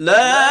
لا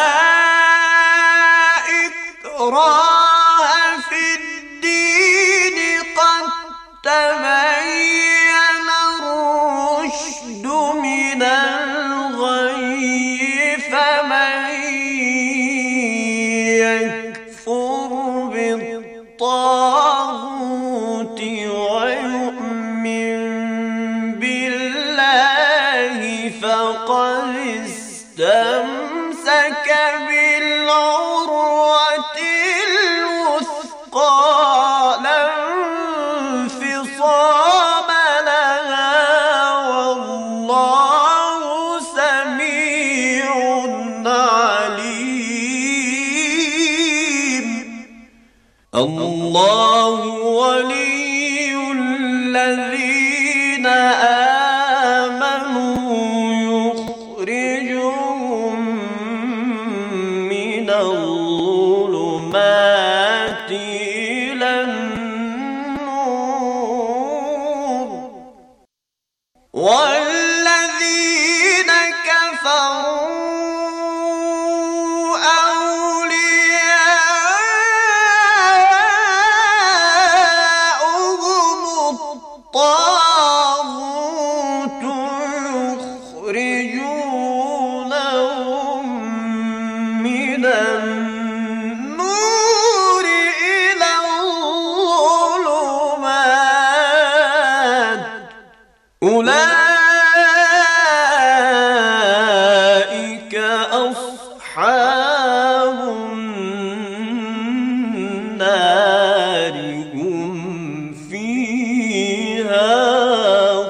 فيها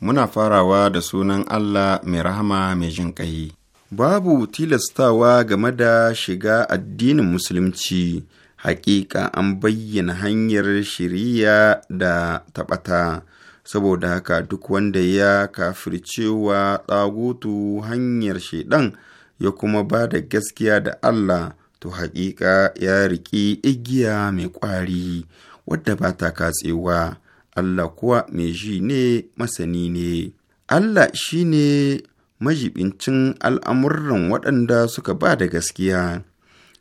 muna farawa da sunan Allah mai rahama mai jin ƙai. Babu tilastawa game da shiga addinin Musulunci, haƙiƙa an bayyana hanyar shiriya da taɓata, saboda haka duk wanda ya kafircewa tsagutu hanyar shaidan ya kuma ba da gaskiya da Allah to haƙiƙa ya riƙi igiya mai ƙwari wadda ba ta katsewa Allah kuwa mai ji ne masani ne Allah shi ne majibincin al'amuran waɗanda suka ba da gaskiya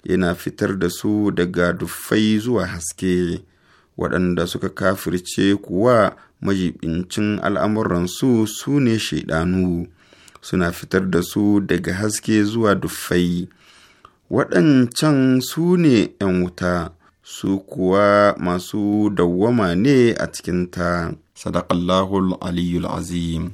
yana fitar da su daga duffai zuwa haske waɗanda suka kafirce kuwa majibincin al'amuransu su ne shaidanu suna fitar da su daga haske zuwa duffai waɗancan su ne ‘yan wuta su kuwa masu dawwama ne a cikinta sadaƙallahul aliyul azim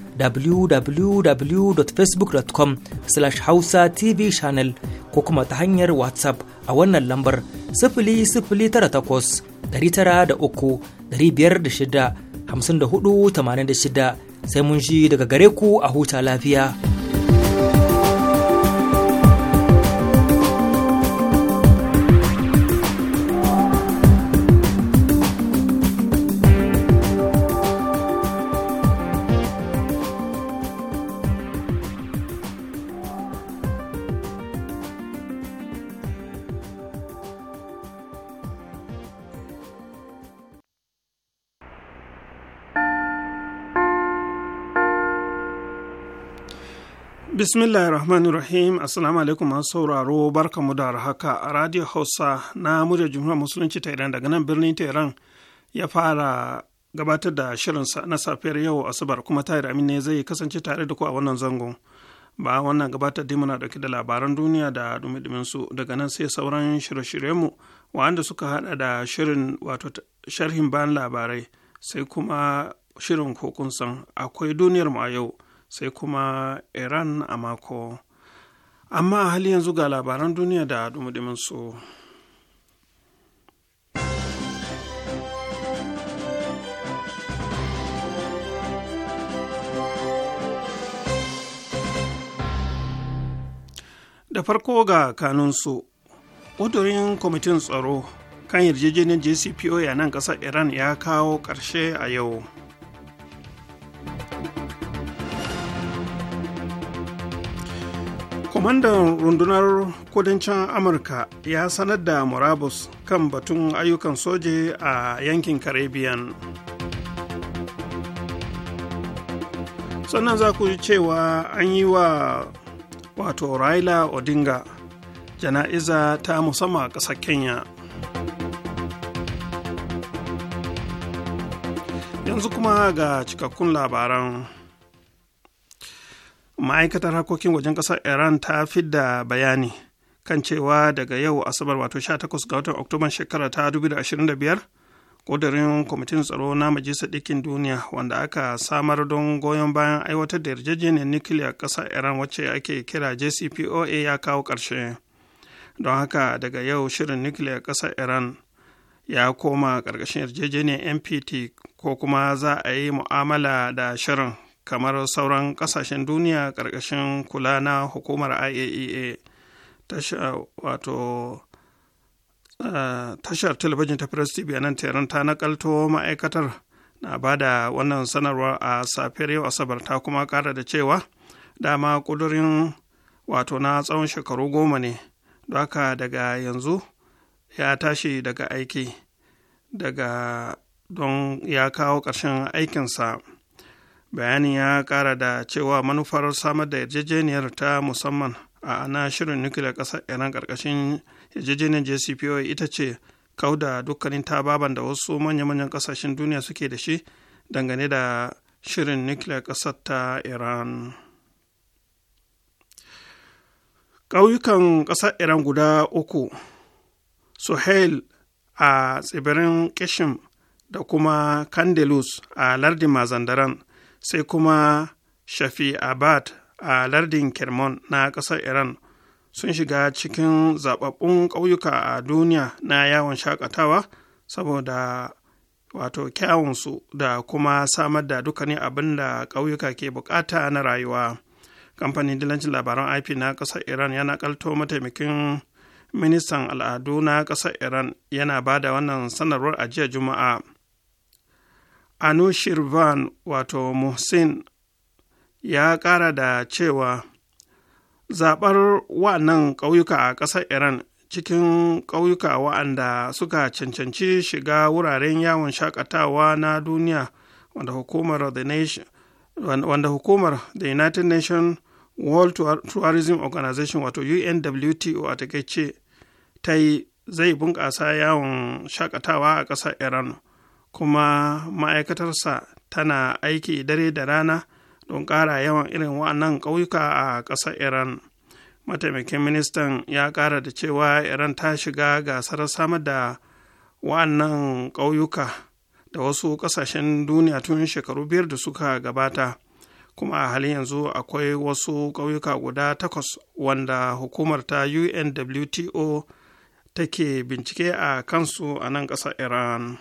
www.facebook.com slash hausa tv channel ko kuma ta hanyar whatsapp a wannan lambar sifili sifili da takwas tara uku shida hamsin da hudu tamanin da shida sai mun ji daga gare ku a huta lafiya. Bismillah rahman rahim Assalamu alaikum masu sauraro barkamu da haka a Radio Hausa na murya Jumhuriyar Musulunci ta Iran daga nan birnin Tehran ya fara gabatar da shirin na safiyar yau Asabar kuma tayar Amin ne zai kasance tare da ku a wannan zangon. Ba wannan gabatar da muna dauke da labaran duniya da dumi su daga nan sai sauran shirye-shiryenmu wanda suka hada da shirin wato sharhin bayan labarai sai kuma shirin kokun san akwai duniyar mu a yau. sai kuma iran a mako amma a hali yanzu ga labaran duniya da dumudumin su da farko ga kanunsu ƙudurin kwamitin tsaro kan yarjejeniyar jcpo a nan ƙasar iran ya kawo ƙarshe a yau kwamandan rundunar kudancin amurka ya sanar da murabus kan batun ayyukan soje a yankin caribbean sannan za ku ji cewa an yi wa wato raila odinga jana'iza ta musamman a ƙasar kenya yanzu kuma ga cikakkun labaran ma'aikatar harkokin wajen ƙasar iran ta fi da bayani kan cewa daga yau asabar wato 18 ga watan oktoban shekara ta 2025 ƙudurin kwamitin tsaro na majalisar ɗikin duniya wanda aka samar don goyon bayan aiwatar da yarjejeniyar nukiliya ƙasar iran wacce ake kira jcpoa ya kawo ƙarshe don haka daga yau shirin nukiliya ƙasar iran ya koma ƙarƙashin yarjejeniyar npt ko kuma za a yi mu'amala da shirin kamar sauran kasashen duniya ƙarƙashin kula na hukumar iaea e wato eh, tashar talabijin ta press tv nan teran ta nakalto ma'aikatar na ba da wannan sanarwar a safiyar yau asabar ta kuma ƙara da cewa dama ƙudurin wato na tsawon shekaru goma ne doka daga yanzu ya tashi daga aiki daga don ya kawo ƙarshen aikinsa bayanin ya kara da cewa manufar samar da yarjejeniyar ta musamman a ana shirin nukiliyar ƙasar iran ƙarƙashin yarjejeniyar jcpo ita ce kauda dukkanin tababan da wasu manya-manyan ƙasashen duniya suke da shi dangane da shirin nukiliyar ƙasar ta iran ƙauyukan ƙasar iran guda uku suhail a tsibirin kishim da kuma kandelus a lardin mazandaran sai kuma shafi abad a lardin kermon na ƙasar iran sun shiga cikin zaɓaɓɓun ƙauyuka a duniya na yawon shakatawa saboda wato kyawunsu da kuma samar da dukkanin abin da ƙauyuka ke bukata na rayuwa kamfanin dilancin labaran ip na ƙasar iran yana kalto mataimakin ministan al'adu na ƙasar iran yana ba da wannan sanarwar a juma'a anushirvan wato muhsin ya ƙara da cewa zaɓar wa'annan ƙauyuka a ƙasar iran cikin ƙauyuka wa'anda suka cancanci shiga wuraren yawon shakatawa na duniya wanda hukumar the nation wanda hukumar the united nations world tourism organization wato unwto a takaice ta yi zai bunƙasa yawon shakatawa a ƙasar iran kuma ma'aikatarsa tana aiki dare da rana don ƙara yawan irin wa'annan ƙauyuka a ƙasar iran mataimakin ministan ya ƙara da cewa iran ta shiga gasar samar da wa'annan ƙauyuka da wasu ƙasashen duniya tun shekaru biyar da suka gabata kuma a halin yanzu akwai wasu ƙauyuka guda takwas wanda hukumar ta unwto take bincike a kansu a nan ƙasar iran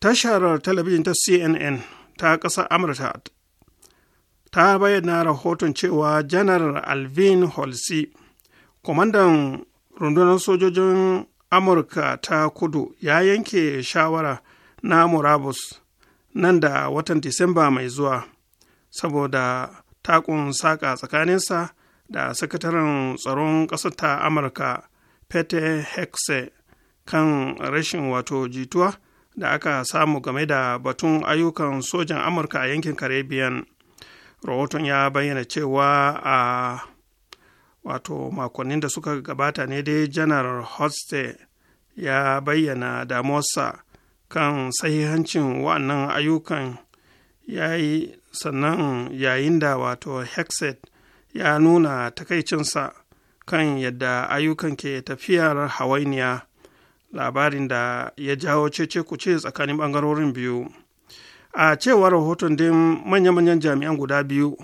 Tashar talabijin ta CNN ta ƙasar Amurka ta bayyana rahoton cewa janar Alvin Holsey, kwamandan rundunar sojojin Amurka ta kudu ya yanke shawara na murabus nan da watan Disamba mai zuwa, saboda takun saƙa tsakaninsa da sakataren tsaron ƙasar ta Amurka Pete Hexe kan rashin wato jituwa da aka samu game da batun ayyukan sojan amurka a yankin caribbean rahoton ya bayyana cewa a wato makonnin da suka gabata ne dai janar hoste ya bayyana damuwarsa kan sahihancin wa'annan ayyukan ya yi sannan yayin da wato hexet ya nuna takaicinsa kan yadda ayyukan ke tafiyar hawainiya labarin da ya jawo cece kuce tsakanin ɓangarorin biyu a cewar rahoton din manya-manyan jami'an guda biyu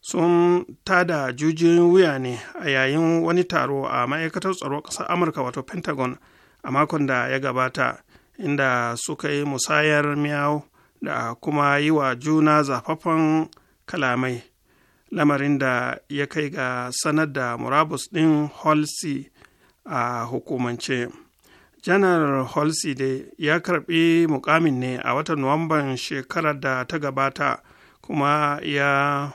sun tada jujiyoyin wuya ne a yayin wani taro a ma'aikatar tsaro ƙasar amurka wato pentagon a makon da ya gabata inda suka yi musayar miyau da kuma yi wa juna zafaffen kalamai lamarin da ya kai ga sanar da murabus ɗin holsey a hukumance janar holside ya karbi mukamin ne a watan nuwamban shekarar da ta gabata kuma ya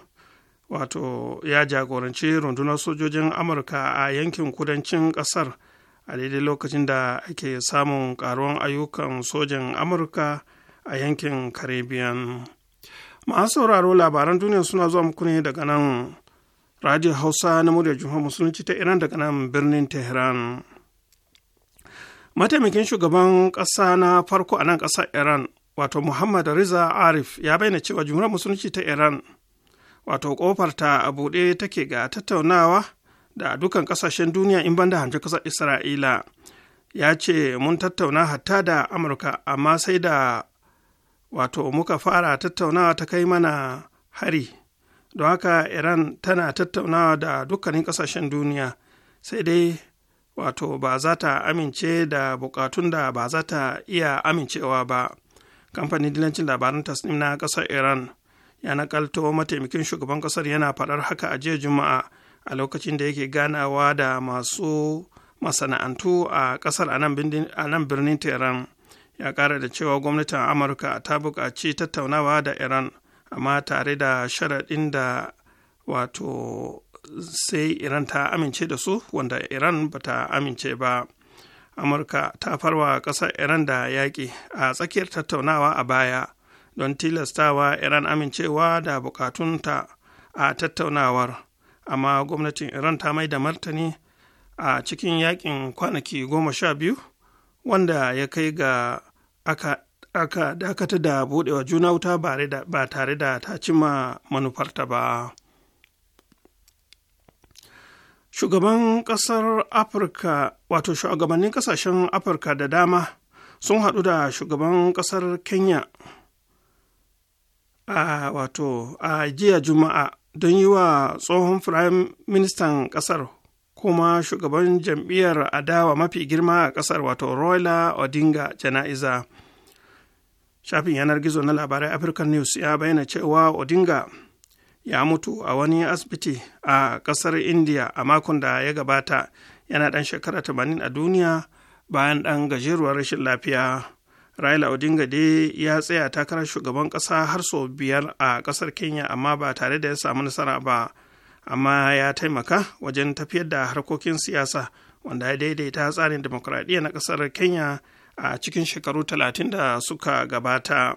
wato ya jagoranci rundunar sojojin amurka a yankin kudancin kasar a daidai lokacin da ake samun karuwan ayyukan sojin amurka a yankin caribbean masu sauraro labaran duniya suna zuwa muku ne daga nan radio hausa na murya jihar musulunci ta iran daga nan birnin tehran mataimakin shugaban ƙasa na farko a nan ƙasar iran wato muhammad riza arif ya bayyana cewa jumhuriyar musulunci ta iran wato kofar ta a buɗe take ga tattaunawa da dukan ƙasashen duniya in banda hamshe ƙasar isra'ila ya ce mun tattauna hatta da amurka amma sai da wato muka fara tattaunawa ta kai mana hari don haka iran tana tattaunawa da dukkanin ƙasashen duniya sai dai wato ba za ta amince da bukatun da ba za ta iya amincewa ba kamfanin dilancin labaran tasnim na kasar iran ya nakalto mataimakin shugaban kasar yana faɗar haka a jiya juma'a a lokacin da yake ganawa da masu masana'antu a kasar a nan birnin tehran ya ƙara da cewa gwamnatin amurka ta buƙaci tattaunawa da iran amma tare da sharaɗin da wato sai iran ta amince da su wanda iran ba ta amince ba amurka ta farwa ƙasar iran da yaƙi a tsakiyar tattaunawa a baya don tilastawa iran amincewa da bukatunta a tattaunawar amma gwamnatin iran ta mai da martani a cikin yakin kwanaki goma sha biyu wanda ya kai ga aka aka dakata da buɗewa juna wuta ba tare da ta cimma manufarta ba. shugaban ƙasar afirka wato shugabannin ƙasashen afirka da dama sun haɗu da shugaban ƙasar kenya a wato a jiya juma'a don yi wa tsohon firayim ministan ƙasar kuma shugaban jam'iyyar adawa mafi girma a ƙasar wato royla odinga jana'iza shafin yanar gizo na labarai african news ya bayyana cewa odinga ya mutu a wani asibiti a ƙasar india a makon da ya gabata yana ɗan shekara tamanin a duniya bayan ɗan gajeruwar rashin lafiya raila odinga dai ya tsaya takarar shugaban ƙasa har sau biyar a ƙasar kenya amma ba tare da ya samu nasara ba amma ya taimaka wajen tafiyar da harkokin siyasa wanda ya daidaita tsarin demokuraɗiyya na ƙasar kenya a cikin shekaru talatin da suka gabata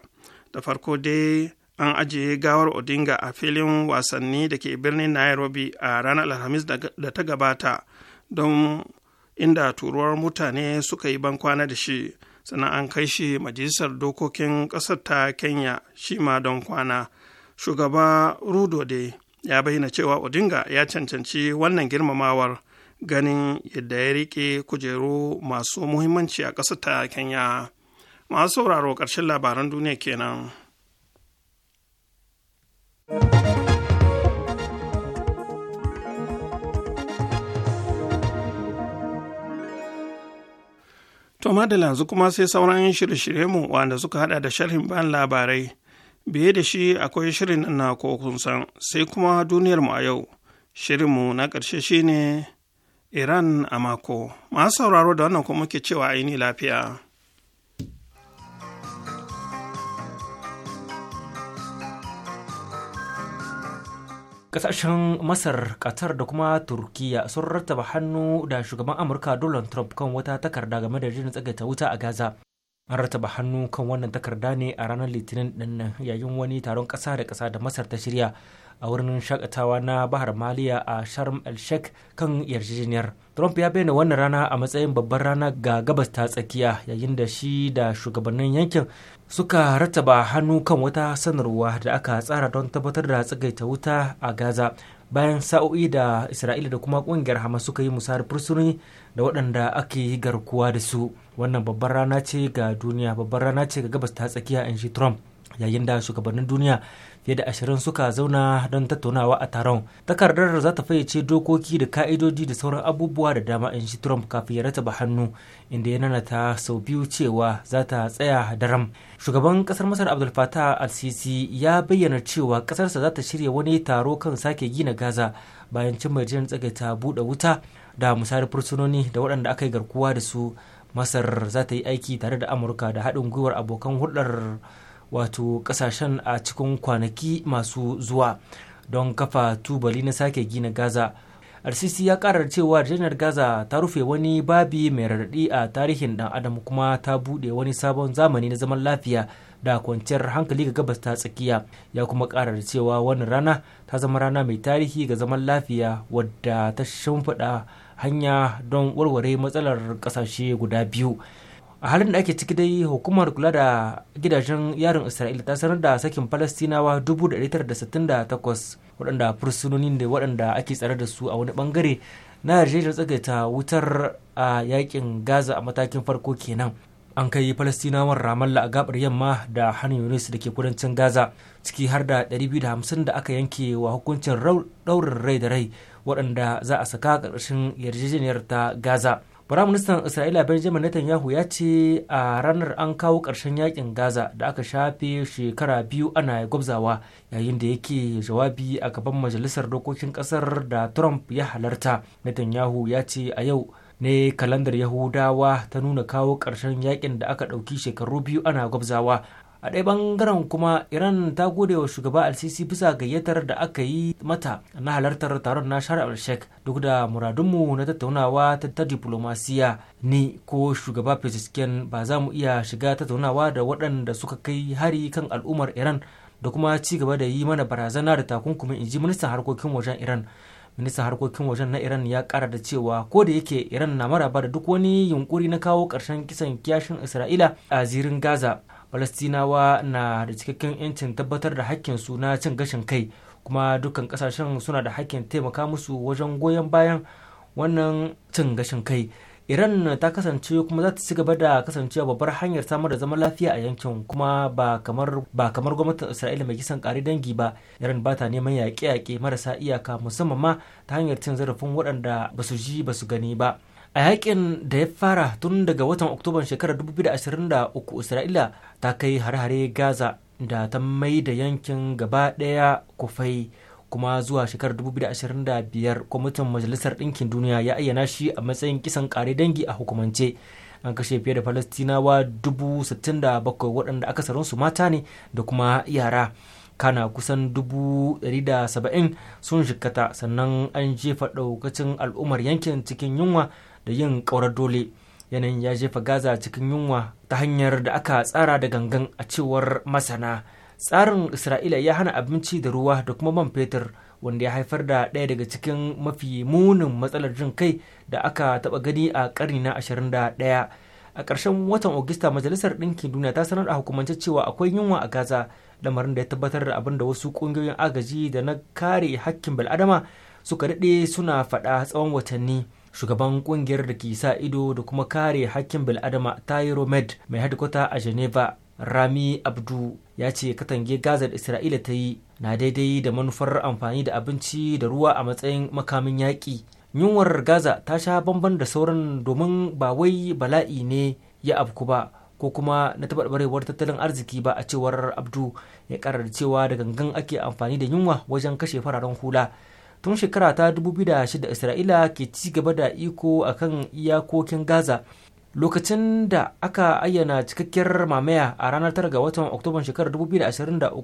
da farko dai an ajiye gawar odinga a filin wasanni da ke birnin nairobi a ranar alhamis da ta gabata don inda turuwar mutane suka yi bankwana da shi sannan an kai shi majalisar dokokin ƙasar ta kenya shi ma don kwana shugaba rudo ya bayyana cewa odinga ya cancanci wannan girmamawar ganin yadda ya riƙe kujeru masu muhimmanci a ƙasar ta kenya masu sauraro ƙarshen labaran duniya kenan. To da yanzu kuma sai sauran shirye mu wanda suka hada da sharhin bayan labarai. Biye da shi akwai shirin na ko kun san sai kuma duniyarmu a yau. Shirinmu na ƙarshe ne Iran a mako. Masu sauraro da wannan kuma muke cewa aini lafiya. kasashen masar qatar da kuma turkiya sun rattaba hannu da shugaban amurka donald trump kan wata takarda game da jin tsagaita wuta a gaza an rattaba hannu kan wannan takarda ne a ranar litinin dinnan yayin wani taron ƙasa da ƙasa da masar ta shirya a wurin shakatawa na bahar maliya a sharm el sheikh kan yarjejeniyar trump ya bayyana wannan rana a matsayin babbar rana ga gabas ta tsakiya yayin da shi da shugabannin yankin suka rattaba hannu kan wata sanarwa da aka tsara don tabbatar da tsagaita wuta a gaza bayan sa'o'i da isra'ila da kuma kungiyar hamas suka yi musayar fursuni da waɗanda ake garkuwa da su wannan babbar rana ce ga duniya babbar rana ce ga gabas ta tsakiya in shi trump yayin da shugabannin duniya fiye da ashirin suka zauna don tattaunawa a taron takardar za ta fayyace dokoki da ka'idoji da sauran abubuwa da dama in shi trump kafin ya rataba hannu inda ya nanata sau biyu cewa za ta tsaya daram shugaban kasar masar abdul fatah al-sisi ya bayyana cewa kasarsa za ta shirya wani taro kan sake gina gaza bayan cin majiyar ta buɗe wuta da misali fursunoni da waɗanda aka yi garkuwa da su masar za ta yi aiki tare da amurka da haɗin gwiwar abokan hulɗar wato kasashen a cikin kwanaki masu zuwa don kafa tubali na sake gina gaza rcc ya karar cewa janar gaza ta rufe wani babi mai raɗaɗi a tarihin dan adam kuma ta buɗe wani sabon zamani na zaman lafiya da kwanciyar hankali ga gabas ta tsakiya ya kuma karar cewa wannan rana ta zama rana mai tarihi ga zaman lafiya wadda ta shimfiɗa hanya don warware matsalar ƙasashe guda biyu a halin da ake ciki dai hukumar kula da gidajen yarin isra'ila ta sanar da sakin falastinawa 1968 waɗanda fursunonin da waɗanda ake tsare da su a wani bangare na yarjejeniyar tsagaita wutar a yakin gaza a matakin farko kenan an kai falastinawan ramallah a gabar yamma da hannun yunus da ke kudancin gaza ciki har da 250 da aka yanke wa hukuncin daurin rai da rai waɗanda za a saka ƙarƙashin yarjejeniyar ta gaza Firaministan Isra'ila Benjamin Netanyahu ya ce a ranar an kawo ƙarshen yakin Gaza da aka shafe shekara biyu ana gwabzawa yayin da yake jawabi a gaban Majalisar Dokokin Ƙasar da Trump ya halarta. Netanyahu ya ce a yau ne kalandar Yahudawa ta nuna kawo ƙarshen yakin da aka ɗauki shekaru biyu ana gwabzawa a ɗaya bangaren kuma iran ta gode wa shugaba al-sisi bisa gayyatar da aka yi mata na halartar taron na shahar al-sheikh duk da muradunmu na tattaunawa ta diplomasiya ni ko shugaba fesisken ba za mu iya shiga tattaunawa da waɗanda suka kai hari kan al'ummar iran da kuma ci gaba da yi mana barazana da takunkumin ji ministan harkokin wajen iran ministan harkokin wajen na iran ya kara da cewa ko da yake iran na maraba da duk wani yunkuri na kawo ƙarshen kisan kiyashin isra'ila a zirin gaza falastinawa na da cikakken 'yancin tabbatar da hakkin su na cin gashin kai kuma dukkan kasashen suna da hakkin taimaka musu wajen goyon bayan wannan cin gashin kai iran ta kasance kuma za ta ci gaba da kasancewa babbar hanyar samar da zaman lafiya a yankin kuma ba kamar gwamnatin isra'ila mai kisan kari dangi ba iran ba ta neman yaƙe-yaƙe marasa iyaka musamman ma ta hanyar cin zarafin waɗanda ba su ji ba su gani ba a yakin da ya fara tun daga watan oktoban shekarar 2023 isra'ila ta kai hare-hare gaza da ta mai da yankin gaba daya kufai kuma zuwa shekarar 2025 kwamitin majalisar ɗinkin duniya ya ayyana shi a matsayin kisan ƙare dangi a hukumance an kashe fiye da falastinawa 67 waɗanda aka su mata ne da kuma yara kana kusan 170 sun jikata sannan an jefa ɗaukacin al'ummar yankin cikin yunwa da yin ƙaurar dole yanayin ya jefa gaza cikin yunwa ta hanyar da aka tsara da gangan a cewar masana tsarin isra'ila ya hana abinci da ruwa da kuma man fetur wanda ya haifar da ɗaya daga cikin mafi munin matsalar jin kai da aka taɓa gani a ƙarni na 21 a ƙarshen watan Ogista majalisar ɗinkin duniya ta sanar a hukumance cewa akwai yunwa a gaza lamarin da ya tabbatar da abin da wasu ƙungiyoyin agaji da na kare hakkin bil'adama suka daɗe suna faɗa tsawon watanni shugaban kungiyar da ke sa ido da kuma kare hakkin bil'adama yi med mai hadikwata a geneva rami abdu ya ce katange gaza da isra'ila ta yi na daidai da manufar amfani da abinci da ruwa a matsayin makamin yaƙi yunwar gaza ta sha bamban da sauran domin ba wai bala'i ne ya afku ba ko kuma na taɓarɓarewar tattalin arziki ba a cewar abdu ya karar cewa da gangan ake amfani da yunwa wajen kashe fararen hula tun shekara ta 2006 isra'ila ke ci gaba da iko a kan iyakokin gaza lokacin da aka ayyana cikakkiyar mamaya a ranar tara ga watan oktoban shekarar 2023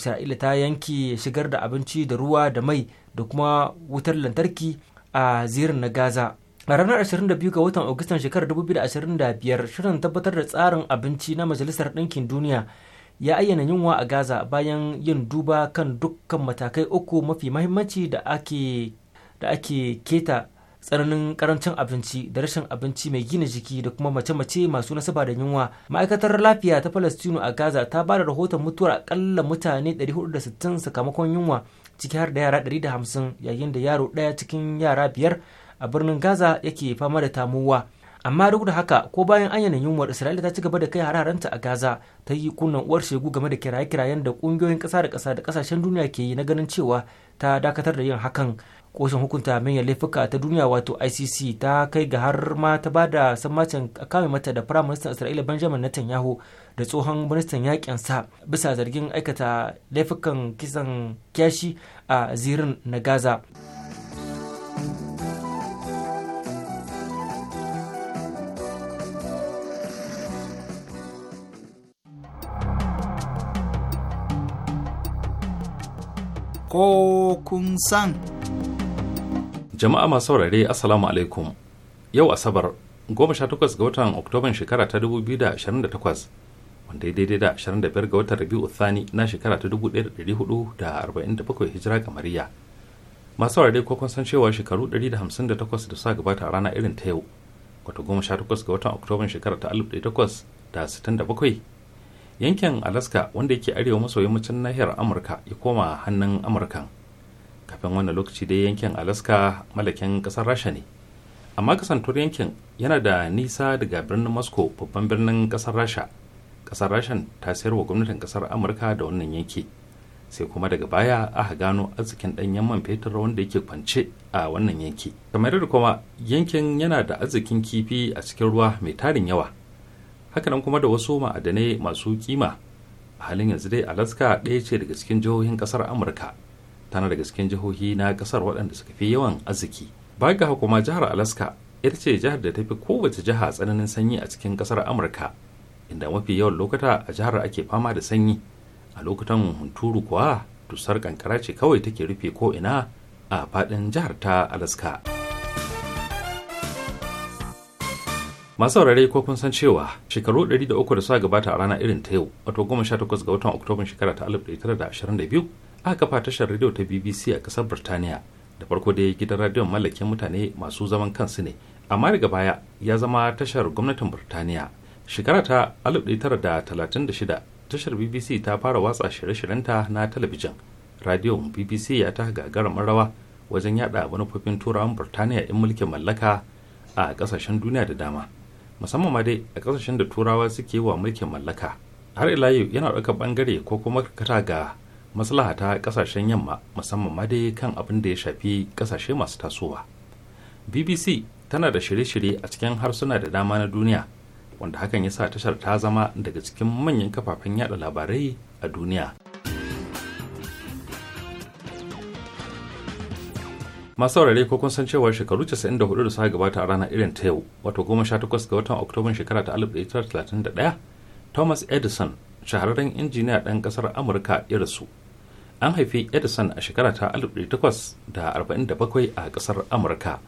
isra'ila ta yanke shigar da abinci da ruwa da mai da kuma wutar lantarki a zirin na gaza a ranar 22 ga watan agustan shekarar 2025 shirin tabbatar da tsarin abinci na majalisar ɗinkin duniya ya ayyana yunwa a gaza bayan yin duba kan dukkan matakai uku mafi mahimmanci da ake keta tsananin karancin abinci da rashin abinci mai gina jiki da kuma mace-mace masu nasaba da yunwa ma'aikatar lafiya ta palestino a gaza ta ba da rahoton mutuwar akalla mutane 460 sakamakon yunwa ciki har da yara 150 yayin da yaro ɗaya cikin yara biyar a birnin gaza yake fama da tamuwa amma duk da haka ko bayan an yanayin yunwar isra'ila ta ci gaba da kai hararanta a gaza ta yi kunnan uwar shegu game da kiraye-kirayen da kungiyoyin ƙasa da ƙasa da ƙasashen duniya ke yi na ganin cewa ta dakatar da yin hakan koshin hukunta manyan laifuka ta duniya wato icc ta kai ga har ma ta ba da sammacin kame mata da firayim ministan isra'ila benjamin netanyahu da tsohon ministan yakin sa bisa zargin aikata laifukan kisan kyashi a zirin na gaza ko kun san. Jama'a masu saurare Assalamu alaikum. Yau Asabar, goma sha takwas ga watan Oktoban shekara ta dubu biyu da ashirin da takwas, wanda ya daidai da ashirin da biyar ga watan Rabi'u Thani na shekara ta dubu ɗaya da ɗari hudu da arba'in da bakwai hijira kamariya. Masu saurare ko kun san cewa shekaru ɗari da hamsin da takwas da suka gabata a rana irin ta yau, wato goma sha takwas ga watan Oktoban shekara ta alif ɗaya takwas da sittin da bakwai yankin alaska wanda yake arewa maso yammacin nahiyar amurka ya koma hannun amurkan kafin wannan lokaci dai yankin alaska malakin kasar rasha ne amma kasantuwar yankin yana da nisa daga birnin moscow babban birnin kasar rasha kasar rashan ta sayar wa gwamnatin kasar amurka da wannan yanki sai kuma daga baya aka gano arzikin ɗanyen man fetur wanda yake kwance a wannan yanki kamar da kuma yankin yana da arzikin kifi a cikin ruwa mai tarin yawa hakanan kuma da wasu ma'adanai masu kima a halin yanzu dai alaska ɗaya ce daga cikin jihohin ƙasar amurka tana daga cikin jihohi na ƙasar waɗanda suka fi yawan arziki baga ga kuma jihar alaska ita ce jihar da ta fi kowace jiha tsananin sanyi a cikin ƙasar amurka inda mafi yawan lokuta a jihar ake fama da sanyi a lokutan hunturu kuwa dusar kankara ce kawai take rufe ko ina a faɗin jihar ta alaska. masu saurare ko kun san cewa shekaru 300 da suka gabata a rana irin ta yau wato 18 ga watan oktoban shekara ta 1922 aka kafa tashar rediyo ta bbc a kasar birtaniya da farko dai gidan radiyon mallakin mutane masu zaman kansu ne amma daga baya ya zama tashar gwamnatin birtaniya shekara ta 1936 tashar bbc ta fara watsa shirye-shiryenta na talabijin radiyon bbc ya ta gagarumin rawa wajen yada manufofin turawan birtaniya in mulkin mallaka a kasashen duniya da dama musamman ma dai a kasashen da turawa suke wa mulkin mallaka har ila yau yana ɗaukar ɓangare ko kuma kata ga maslaha ta ƙasashen yamma musamman ma dai kan abin da ya shafi ƙasashe masu tasowa bbc tana da shirye-shirye a cikin harsuna da dama na duniya wanda hakan ya sa tashar ta zama daga cikin manyan kafafen yada labarai a duniya masu saurare ko kun san cewa shekaru 94 da suka gabata a rana irin ta yau wato 18 ga watan oktoban shekara ta 1931 thomas edison shahararren injiniya ɗan ƙasar amurka ya rasu an haifi edison a shekara ta 1847 a ƙasar amurka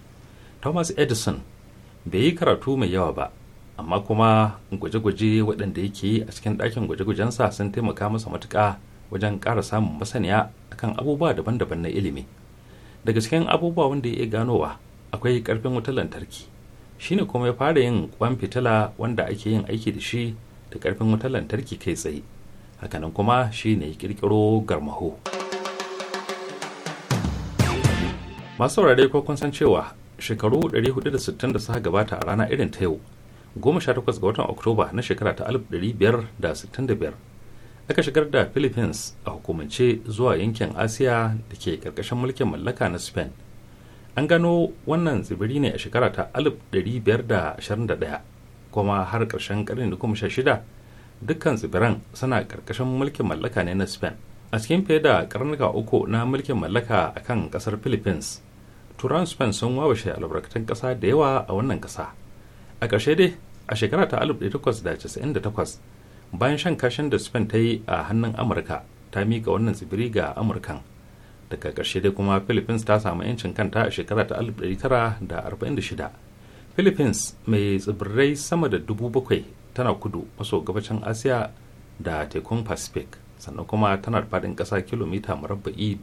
thomas edison bai yi karatu mai yawa ba amma kuma gwaje-gwaje waɗanda yake yi a cikin ɗakin gwaje-gwajensa sun taimaka masa matuƙa wajen ƙara samun masaniya akan abubuwa daban-daban na ilimi daga cikin abubuwa wanda ya iya ganowa akwai karfin wutar lantarki shi ne kuma ya fara yin kwan fitila wanda ake yin aiki da shi da karfin wutar lantarki kai tsaye hakanan kuma shine ne kirkiro garmaho masu saurare ko kun san cewa shekaru 460 da suka gabata a rana irin ta yau 18 ga watan oktoba na shekara ta 1565 aka shigar da philippines a hukumance zuwa yankin asiya da ke karkashin mulkin mallaka na spain an gano wannan tsibiri ne a shekara ta 1521 kuma har karshen karni da kuma shida dukkan tsibiran suna karkashin mulkin mallaka ne na spain a cikin fiye da karnuka uku na mulkin mallaka a kan kasar philippines turan spain sun wawashe albarkatun kasa da yawa a wannan kasa a ƙarshe dai a shekara ta 1898 bayan shan kashin da spain ta yi a hannun amurka ta mika wannan tsibiri ga amurkan daga ƙarshe dai kuma philippines ta samu 'yancin kanta a shekara ta 1946 philippines mai tsibirai sama da dubu bakwai tana kudu maso gabacin asiya da tekun pacific sannan kuma tana da faɗin ƙasa kilomita murabba'i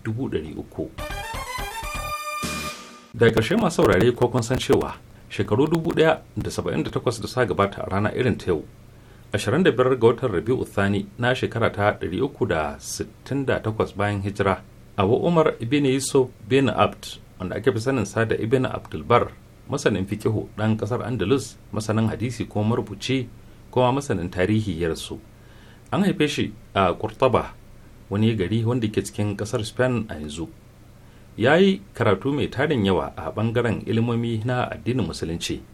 uku. daga ƙarshe masu saurare ko kun san cewa shekaru dubu ɗaya da sa gabata a rana irin ta yau 25 ga watan rabi'u thani na shekara ta 368 bayan hijira abu umar ibn yusuf bin abd wanda ake fi sanin sa da ibn abdulbar masanin fikihu ɗan ƙasar andalus masanin hadisi ko marubuci kuma masanin tarihi ya rasu an haife shi a kurtaba wani gari wanda ke cikin ƙasar spain a yanzu ya yi karatu mai tarin yawa a ɓangaren ilimomi na addinin musulunci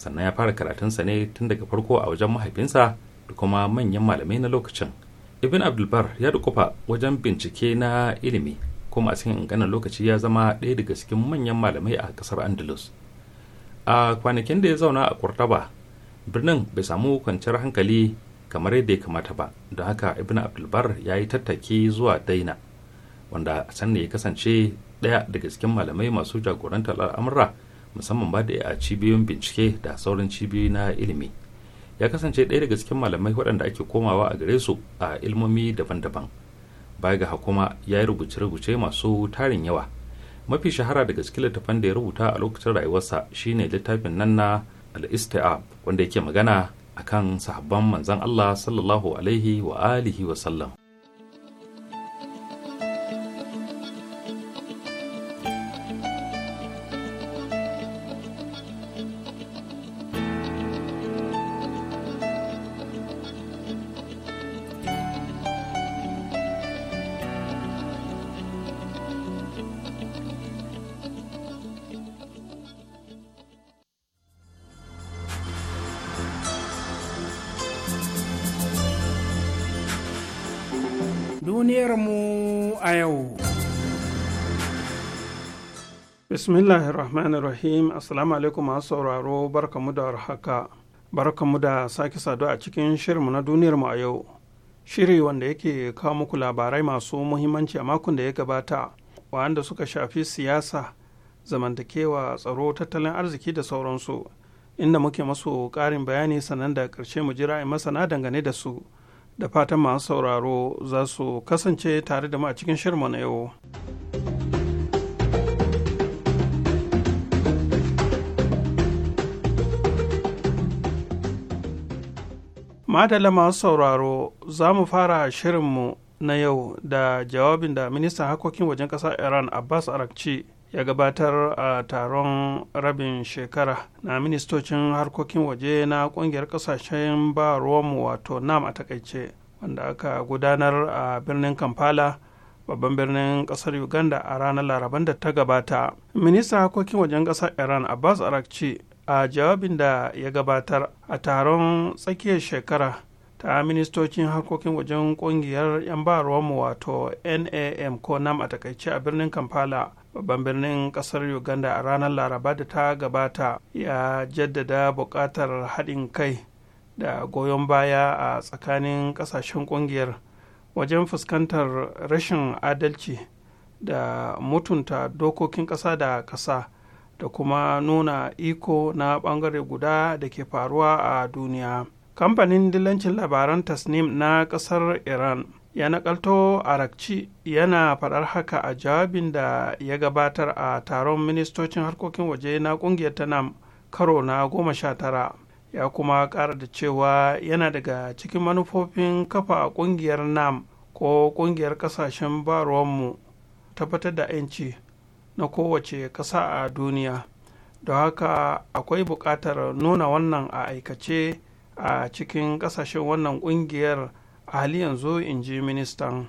sannan ya fara karatunsa ne tun daga farko a wajen mahaifinsa da kuma manyan malamai na lokacin ibn abdulbar ya dukufa wajen bincike na ilimi kuma a cikin ganin lokaci ya zama ɗaya daga cikin manyan malamai a ƙasar andalus a kwanakin da ya zauna a kurtaba birnin bai samu kwanciyar hankali kamar yadda ya kamata ba don haka ibn abdulbar ya yi tattaki zuwa daina wanda a can ya kasance ɗaya daga cikin malamai masu jagorantar al'amura musamman ba da a cibiyoyin bincike da sauran cibiyoyi na ilimi ya kasance ɗaya daga cikin malamai waɗanda ake komawa a gare su a ilmomi daban-daban baya ga hakuma ya yi rubuce-rubuce masu tarin yawa mafi shahara daga cikin littafan da ya rubuta a lokacin rayuwarsa shine littafin nan na al-istiab wanda yake magana akan sahabban manzon Allah sallallahu alaihi wa alihi wa sallam a yau. Bismillahir Rahmanir Rahim Assalamu alaikum masu sauraro barkamu da haka Barkamu da sake sadu a cikin shirinmu na duniyarmu a yau. Shiri wanda yake kawo muku labarai masu muhimmanci a makon da ya gabata, wanda suka shafi siyasa, zamantakewa, tsaro, tattalin arziki da sauransu, inda muke masu ƙarin bayani sannan da ƙarshe mu jira masana dangane da su. da fatan masu sauraro za su kasance tare da mu a cikin shirma na yau. Madalla masu sauraro za mu fara shirinmu na yau da jawabin da ministan harkokin wajen ƙasa Iran Abbas Arakci ya gabatar a taron rabin shekara na ministocin harkokin waje na kungiyar kasashen ba ruwanmu wato nam a takaice wanda aka gudanar a birnin kampala babban birnin kasar uganda a ranar laraban da ta gabata ministan harkokin wajen kasar iran abbas arakci a jawabin da ya gabatar a taron tsakiyar shekara ta ministocin harkokin wajen kungiyar 'yan ba mu wato nam ko nam a takaice a birnin kampala babban birnin kasar uganda a ranar laraba da ta gabata ya jaddada buƙatar haɗin kai da goyon baya a tsakanin ƙasashen ƙungiyar wajen fuskantar rashin adalci da mutunta dokokin ƙasa da ƙasa da kuma nuna iko na ɓangare guda da ke faruwa a duniya. kamfanin dillancin labaran tasnim na ƙasar iran ya nakalto arakci yana faɗar haka a jawabin da ya gabatar a taron ministocin harkokin waje na ƙungiyar ta nam karo na goma sha tara ya kuma ƙara da cewa yana daga cikin manufofin kafa ƙungiyar nam ko ƙungiyar ƙasashen baruwanmu tabbatar da 'yanci na kowace ƙasa a duniya Da haka akwai buƙatar nuna wannan a aikace a cikin kasashen wannan kungiyar a hali yanzu in ji ministan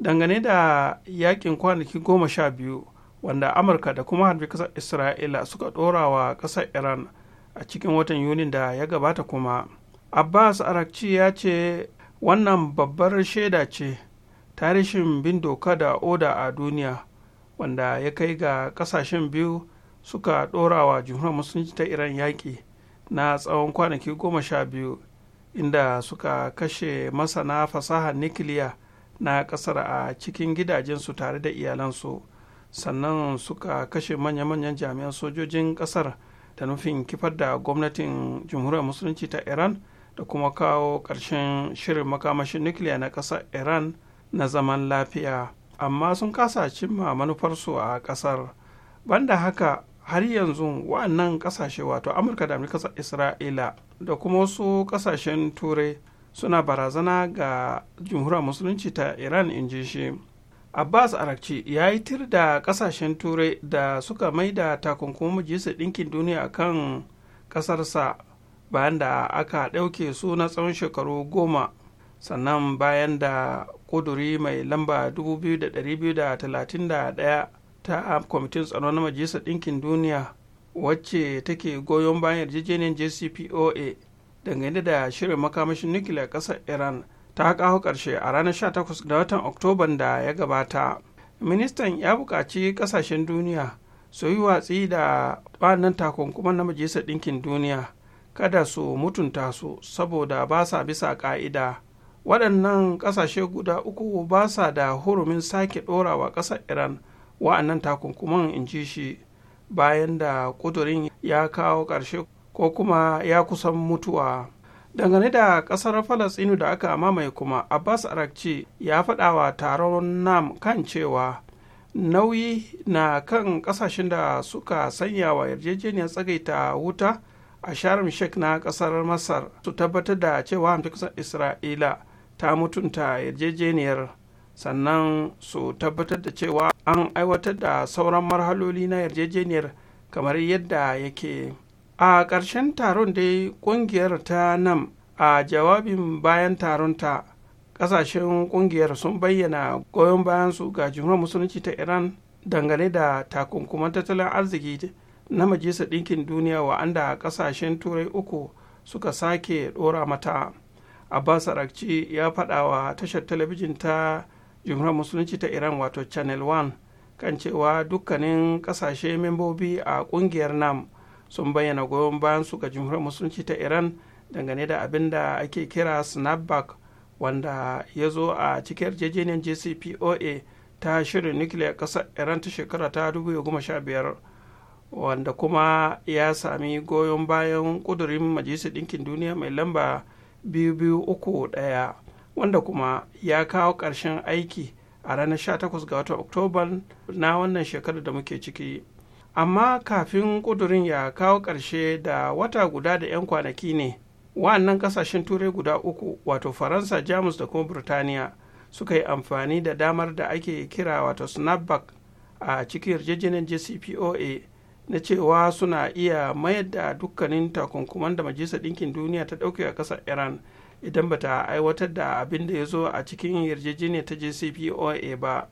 dangane da yakin kwanaki goma sha biyu wanda amurka da kuma harbi kasar isra'ila suka dora wa kasar iran a cikin watan yunin da ya gabata kuma abbas arakci ya ce wannan babbar shaida ce tarishin bin doka da oda a duniya wanda ya kai ga kasashen biyu suka dora wa jihunar musulunci ta iran yaƙi na tsawon kwanaki goma sha biyu inda suka kashe masana fasahar nikiliya na kasar a cikin gidajensu tare da iyalansu sannan suka kashe manya-manyan jami'an sojojin kasar da nufin kifar da gwamnatin jamhuriyar musulunci ta iran da kuma kawo ƙarshen shirin makamashin nukiliya na ƙasar iran na zaman lafiya amma sun kasa cimma manufarsu a ƙasar banda haka har yanzu wa'annan kasashe wato amurka da amurka isra'ila da kuma wasu kasashen turai suna barazana ga jamhuriyar musulunci ta iran in ji shi abbas arakci ya yi tir da kasashen turai da suka maida takunkumin majalisar ɗinkin duniya kan ƙasarsa bayan da aka ɗauke su na tsawon shekaru goma sannan bayan da ƙuduri mai lamba 2231 ta kwamitin tsaro na majalisar ɗinkin duniya wacce take goyon bayan yarjejeniyar jcpoa dangane da shirin makamashin nukiliyar ƙasar iran ta kawo ƙarshe a ranar 18 da watan oktoban da ya gabata ministan ya buƙaci ƙasashen duniya su yi watsi da wannan takunkuman na majalisar ɗinkin duniya kada su mutunta su saboda ba sa bisa ƙa'ida waɗannan ƙasashe guda uku ba sa da hurumin sake ɗorawa wa ƙasar iran wa'annan takunkuman in ji shi bayan da ƙudurin ya kawo ƙarshe ko kuma ya kusan mutuwa dangane da ƙasar falasinu da aka mamaye kuma abbas arakci ya faɗa taron nam kan cewa nauyi na kan ƙasashen da suka sanya wa yarjejeniyar tsagaita wuta a sharm sheikh na ƙasar masar su tabbatar da cewa hamsin ƙasar isra'ila ta mutunta yarjejeniyar sannan su tabbatar da cewa an aiwatar da sauran marhaloli na yarjejeniyar kamar yadda yake a ƙarshen taron dai ƙungiyar ta nam a jawabin bayan taron ta ƙasashen ƙungiyar sun bayyana goyon bayansu ga jumhuriyar musulunci ta iran dangane da takunkuman tattalin arziki na majalisar ɗinkin duniya wa'anda ƙasashen turai uku suka sake ɗora mata abbas arakci ya faɗa wa tashar talabijin ta jumhuriyar musulunci ta iran wato channel 1 kan cewa dukkanin kasashe membobi a kungiyar nam sun bayyana goyon bayan su ga jumhuriyar musulunci ta iran dangane da abin da ake kira snapback wanda ya zo a cikin yarjejeniyar jcpoa ta shirin nukiliyar ƙasar iran ta shekara ta 2015 wanda kuma ya sami goyon bayan ƙudurin majalisar ɗinkin duniya mai lamba 2231 wanda kuma ya kawo ƙarshen aiki a ranar 18 ga watan oktoba na wannan shekarar da muke ciki amma kafin ƙudurin ya kawo ƙarshe da wata guda da 'yan kwanaki ne wa'annan ƙasashen turai guda uku wato faransa jamus da kuma burtaniya suka yi amfani da damar da ake kira wato snapback a cikin yarjejeniyar jcpoa na cewa suna iya mayar da dukkanin takunkuman da majalisar ɗinkin duniya ta ɗauke a ƙasar iran idan bata aiwatar da abin da ya zo a cikin yarjejeniyar ta jcpoa ba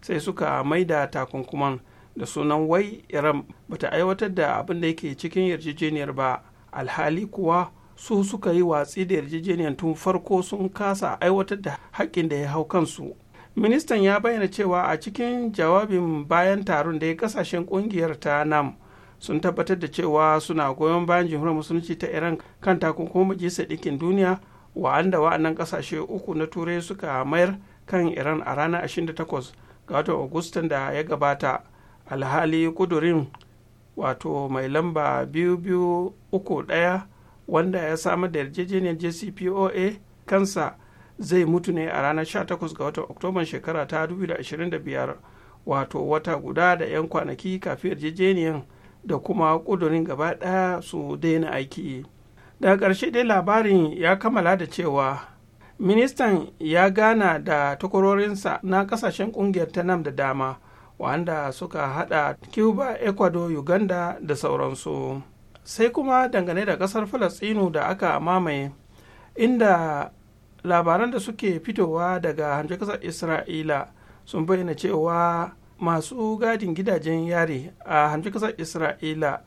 sai suka maida takunkuman da sunan wai iran bata aiwatar da abin da yake cikin yarjejeniyar ba alhali kuwa su suka yi watsi da yarjejeniyar tun farko sun kasa aiwatar da haƙƙin da ya hau kansu ministan ya bayyana cewa a cikin jawabin bayan taron da ya kasashen kungiyar ta nam sun tabbatar da cewa suna goyon bayan jamhuriyar musulunci ta iran kan takunkumin majalisar ɗinkin duniya wa'anda wa'annan kasashe uku na turai suka mayar kan iran a ranar 28 ga watan agustan da ya gabata alhali kudurin wato mai lamba daya wanda ya samar da yarjejeniyar jcpoa kansa zai mutu ne a ranar 18 ga watan oktoban shekara ta 2025 wato wata guda da 'yan kwanaki kafin yarjejeniyar da kuma kudurin gaba daya su daina aiki. daga ƙarshe dai labarin ya kammala da cewa ministan ya gana da takwarorinsa na ƙasashen ƙungiyar ta nam da dama wanda suka hada cuba ecuador uganda da sauransu sai kuma dangane da ƙasar falastinu da aka mamaye inda labaran da suke fitowa daga hamshe ƙasar isra'ila sun bayyana cewa masu gadin gidajen yari a hamshe ƙasar isra'ila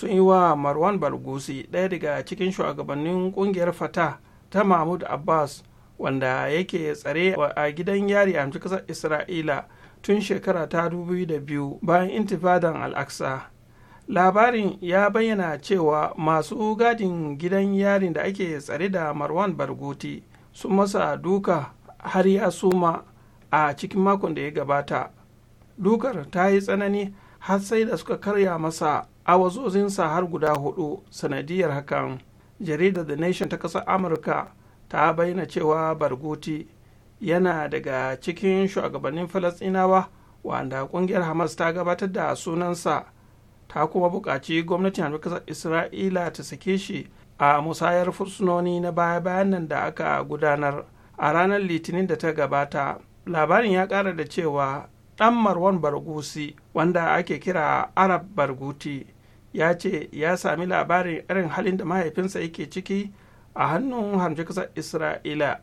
sun yi wa marwan balgusi ɗaya daga cikin shugabannin ƙungiyar fata ta mahmud abbas wanda yake tsare a gidan yari a ƙasar isra'ila tun shekara ta 2002 bayan intifadan al'aksa labarin ya bayyana cewa masu gadin gidan yarin da ake tsare da marwan Barguti sun masa duka har ya suma a cikin makon da ya gabata dukar ta yi tsanani har sai da suka karya masa a wazozinsa har guda hudu sanadiyar hakan jaridar the nation ta ƙasar amurka ta bayyana cewa barguti yana daga cikin shugabannin falasɗinawa wanda ƙungiyar hamas ta gabatar da sunansa ta kuma buƙaci gwamnatin amurka isra'ila ta sake shi a musayar fursunoni na baya-bayan nan da aka gudanar a ranar litinin da ta gabata labarin ya ƙara da cewa ɗan marwan bargusi wanda ake kira arab barguti ya ce ya sami labarin irin halin da mahaifinsa yake ciki a hannun hamjikasar isra'ila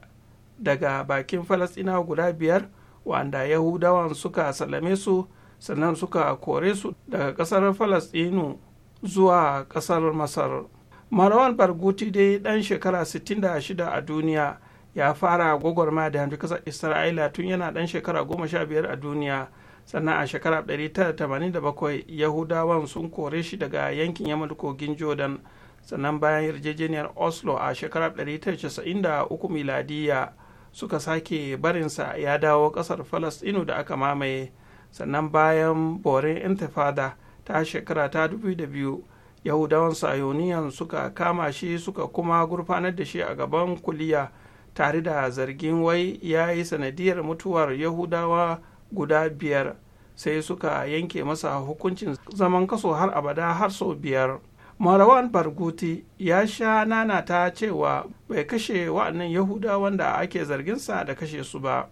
daga bakin falasina guda biyar wanda yahudawan suka salame su sannan suka kore su daga ƙasar falasɗinu zuwa ƙasar masar marwan barguti dai dan shekara 66 a duniya ya fara gwagwarma da kasar isra'ila tun yana dan shekara 15 a duniya sannan a shekarar 1987 yahudawan sun kore shi daga yankin yamma kogin jordan sannan bayan yarjejeniyar oslo a shekarar 1993 miladiya suka sake barinsa ya dawo kasar falastinu da aka mamaye sannan bayan borin intifada ta shekara ta 2002 yahudawan sayoniyan suka kama shi suka kuma gurfanar da shi a gaban kuliya tare da zargin wai ya yi sanadiyar mutuwar yahudawa guda biyar sai suka yanke masa hukuncin zaman kaso har abada har sau biyar marawan barguti ya sha nana ta cewa bai kashe wa'annan yahuda wanda ake zarginsa da kashe su ba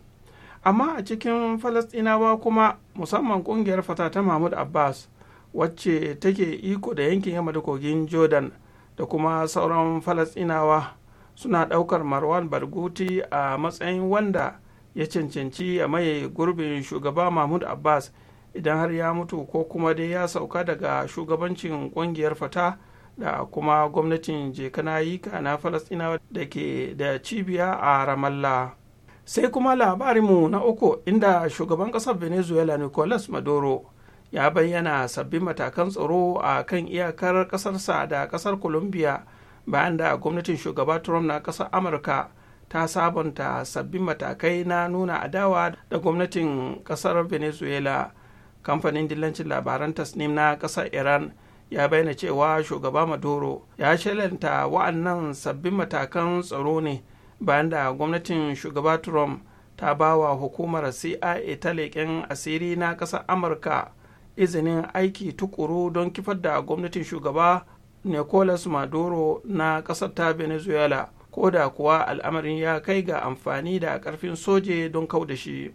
amma a cikin Falasɗinawa kuma musamman ƙungiyar fata ta mahmud abbas wacce take iko da yankin yamma da kogin jordan da kuma sauran Falasɗinawa suna ɗaukar marwan barguti a matsayin wanda ya cancanci ya maye gurbin shugaba mahmud abbas idan har ya mutu ko kuma dai ya sauka daga shugabancin kungiyar fata da kuma gwamnatin jekanayika na falastinawa da ke da cibiya a ramallah sai kuma labarinmu na uku inda shugaban kasar venezuela nicolas maduro ya bayyana sabbin matakan tsaro a kan iyakar kasarsa da kasar colombia bayan da gwamnatin shugaba trump na kasar amurka ta sabunta sabbin matakai na nuna adawa da gwamnatin kasar venezuela kamfanin dillancin labaran tasnim na kasar iran ya bayyana cewa shugaba maduro ya shalanta wa'annan sabbin matakan tsaro ne bayan da gwamnatin shugaba trump ta ba wa hukumar cia ta leƙen asiri na ƙasar amurka izinin aiki tukuru don kifar da gwamnatin shugaba nicolas maduro na ƙasar ta venezuela ko da kuwa al'amarin ya kai ga amfani da ƙarfin soje don kau da shi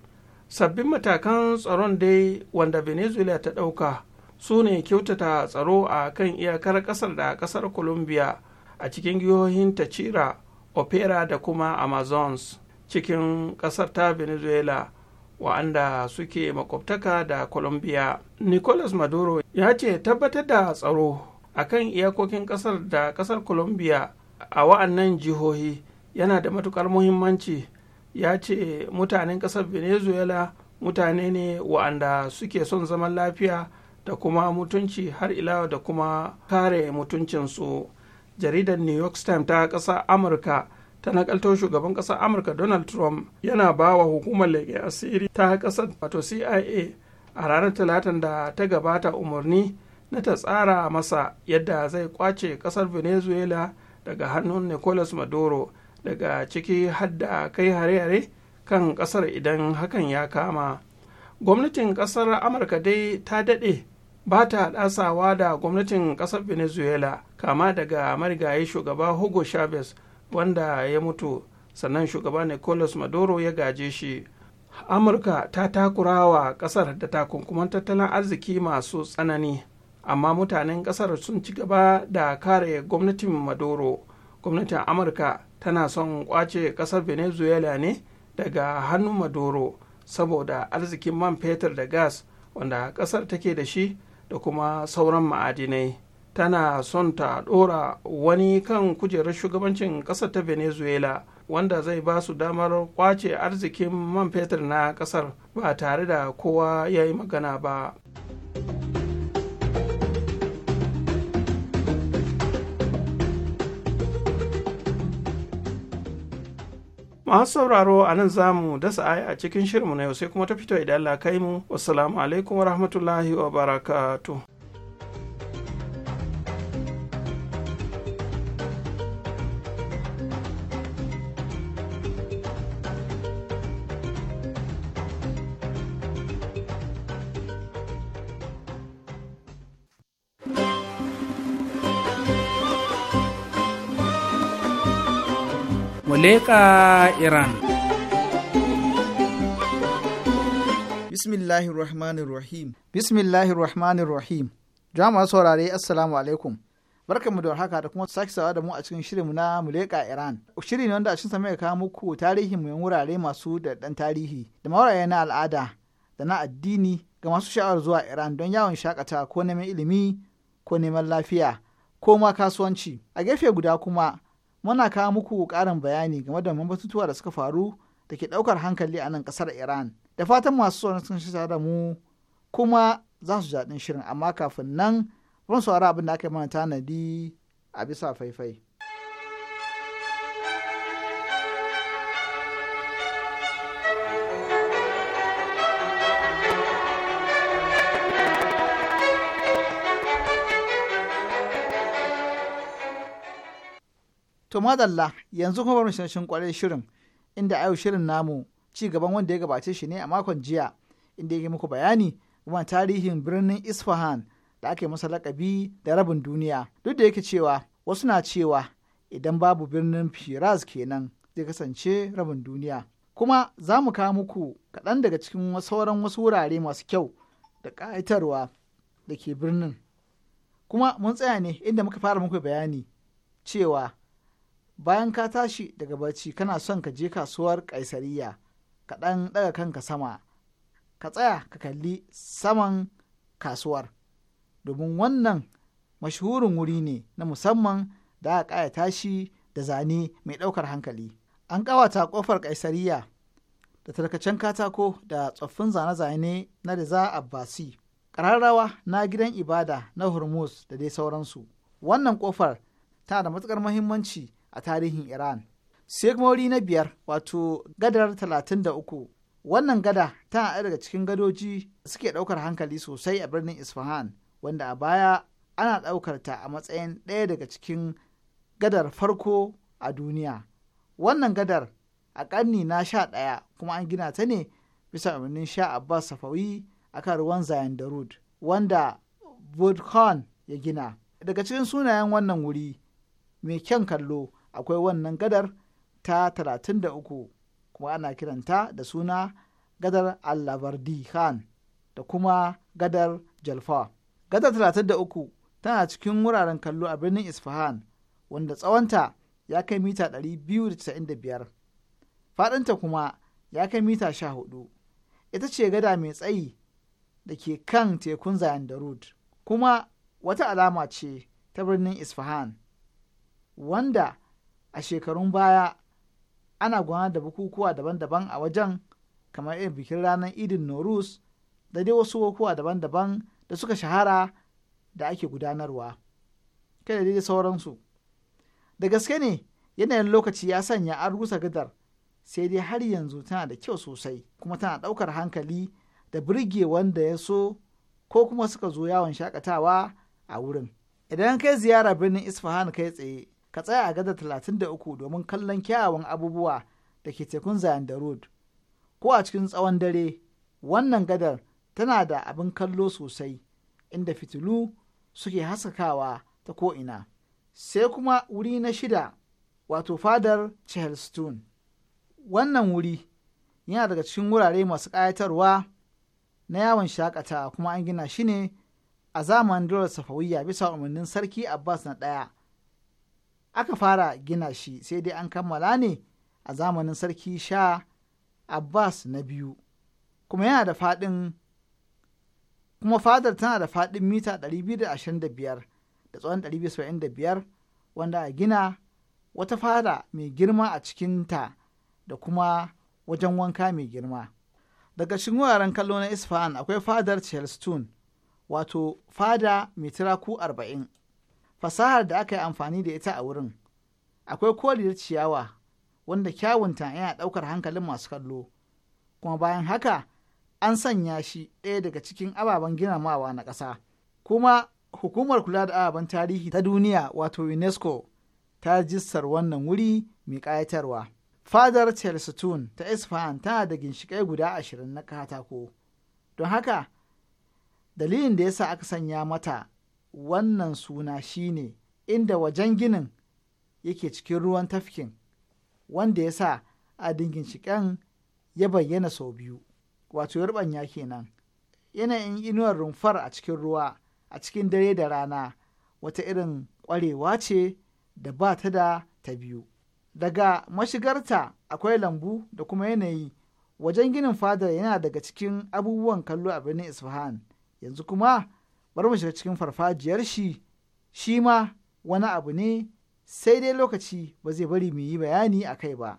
sabbin matakan tsaron dai wanda venezuela ta ɗauka su ne kyautata tsaro a kan iyakar ƙasar da ƙasar colombia a cikin giyohin cira opera da kuma amazons cikin ƙasar ta venezuela wa'anda suke makwabtaka da colombia nicolas maduro ya ce tabbatar da tsaro a kan iyakokin ƙasar da ƙasar colombia a wa'annan jihohi yana da matukar muhimmanci ya ce mutanen ƙasar venezuela mutane ne wa'anda suke son zaman lafiya da kuma mutunci har ila da kuma kare mutuncinsu jaridar new york times ta ƙasa amurka ta nakalto shugaban ƙasar amurka donald trump yana ba wa hukumar leƙen asiri ta ƙasar wato cia a ranar talatin da ta gabata umarni na ta tsara masa yadda zai kwace ƙasar venezuela daga hannun nicolas maduro daga ciki hadda kai hare-hare kan kasar idan hakan ya kama gwamnatin kasar amurka dai ta dade ba ta dasawa da gwamnatin kasar venezuela kama daga marigayi shugaba hugo chavez wanda ya mutu sannan shugaba nicolas maduro ya gaje shi amurka ta takurawa kasar da takunkuman tattalin arziki masu tsanani amma mutanen kasar sun ci gaba da kare gwamnatin maduro gwamnatin amurka tana son kwace kasar venezuela ne daga hannun maduro saboda arzikin man fetur da gas wanda kasar take da shi da kuma sauran ma'adinai tana son ta dora wani kan kujerar shugabancin kasar ta venezuela wanda zai ba su damar kwace arzikin man fetur na kasar ba tare da kowa ya yi magana ba. masu sauraro a nan za mu dasa aya a cikin shirinmu na yau sai kuma ta fito idan Allah kai mu wassalamu alaikum wa rahmatullahi wa barakatuh leka iran bismillahir rahmanir rahim jama'a saurare assalamu alaikum mu da warhaka da kuma sake sawa da mu a cikin shirinmu na muleka iran shiri ne wanda a cikin mai kawo muku tarihin mai wurare masu da dan tarihi da mauraye na al'ada da na addini ga masu sha'awar zuwa iran don yawon shakata ko neman ilimi ko neman lafiya ko ma kasuwanci a gefe guda kuma muna kawo muku ƙarin bayani game da batutuwa da suka faru da ke ɗaukar hankali a nan ƙasar Iran. Da fatan masu sauran sun shi da mu kuma za su jaɗin shirin amma kafin nan ban saurari abin da aka yi mana tanadi a bisa faifai. To madalla yanzu kuma bari shin kwarai shirin inda ayo shirin namu ci gaban wanda ya gabace shi ne a makon jiya inda ya yi muku bayani kuma tarihin birnin Isfahan da ake masa lakabi da rabin duniya duk da yake cewa wasu na cewa idan babu birnin Firaz kenan zai kasance rabin duniya. Kuma za mu kawo muku kaɗan daga cikin sauran wasu wurare masu kyau da ƙayatarwa da ke birnin. Kuma mun tsaya ne inda muka fara muku bayani cewa bayan ka tashi daga barci kana son ka je kasuwar kaisariya ka ɗan ɗaga kanka sama ka tsaya ka kalli saman kasuwar domin wannan mashhurin wuri ne na musamman da aka ƙayata shi da zane mai ɗaukar hankali an ƙawata ƙofar kaisariya da tarkacen katako da tsoffin zane-zane na Riza basi. ƙararrawa na gidan ibada na Hormuz da dai sauransu. Wannan ƙofar tana da matuƙar muhimmanci a tarihin Iran. Sai na biyar wato gadar 33 wannan gada tana daga cikin gadoji suke ɗaukar hankali sosai a birnin Isfahan wanda a baya ana ɗaukar ta a matsayin ɗaya daga cikin gadar farko a duniya. Wannan gadar a ƙarni na sha ɗaya kuma an gina ta ne bisa umarnin sha Abbas Safawi akan ruwan Zayan Darud wanda Budkhan ya gina. Daga cikin sunayen wannan wuri mai kyan kallo akwai wannan gadar ta 33 kuma ana kiranta da suna gadar Allabardi Khan da kuma gadar Jalfa. Gadar 33 tana cikin wuraren kallo a birnin Isfahan wanda tsawonta ya kai mita 295 faɗinta kuma ya kai mita 14 ita ce gada mai tsayi da ke kan tekun zayan darud kuma wata alama ce ta birnin Isfahan wanda a shekarun baya ana gwana da bukukuwa daban-daban a wajen kamar irin bikin ranar idin norus da dai wasu bukukuwa daban-daban da suka shahara da ake gudanarwa kada da dai sauransu da gaske ne yanayin lokaci ya sanya an rusa gadar sai dai har yanzu tana da kyau sosai kuma tana ɗaukar hankali da birge wanda ya so ko kuma suka zo yawon shakatawa a wurin idan kai ziyara birnin isfahan kai tsaye ka tsaya a gada 33 domin kallon kyawawan abubuwa da ke tekun zayan da road ko a cikin tsawon dare wannan gadar tana da abin kallo sosai inda fitilu suke haskakawa ta ko'ina sai kuma wuri na shida wato fadar Stone. Wannan wuri yana daga cikin wurare masu ƙayatarwa na yawon shakatawa kuma an gina shi ne a zamanin daular safawiya bisa umarnin sarki Abbas na ɗaya aka fara gina shi sai dai an kammala ne a zamanin sarki sha abbas na biyu kuma yana da faɗin kuma fadar tana da faɗin mita 225 da tsawon 275 wanda a gina wata fada mai girma a cikin ta da kuma wajen wanka mai girma daga cikin wuraren kallo na isfahan akwai fadar charleston wato fada mai tiraku fasahar da aka yi amfani da ita a wurin akwai koriyar ciyawa wanda kyawunta yana ɗaukar hankalin masu kallo kuma bayan haka an sanya shi ɗaya daga cikin ababen ginamawa na ƙasa kuma hukumar kula da ababen tarihi ta duniya wato unesco ta jistar wannan wuri mai ƙayatarwa fadar chelseatun ta isfahan tana da ginshiƙai guda ashirin na katako don haka dalilin da yasa aka sanya mata wannan suna shine inda wajen ginin yake cikin ruwan tafkin wanda ya sa a dingin ginshiƙen ya bayyana sau biyu wato yarbanya kenan yanayin inuwar rumfar a cikin ruwa a cikin dare da rana wata irin ƙwarewa ce da ba ta da ta biyu daga mashigarta akwai lambu da kuma yanayi wajen ginin fadar yana daga cikin abubuwan kallo a birnin isfahan yanzu kuma bari mu shiga cikin farfajiyar shi shi ma wani abu ne sai dai lokaci ba zai bari mu yi bayani a kai ba.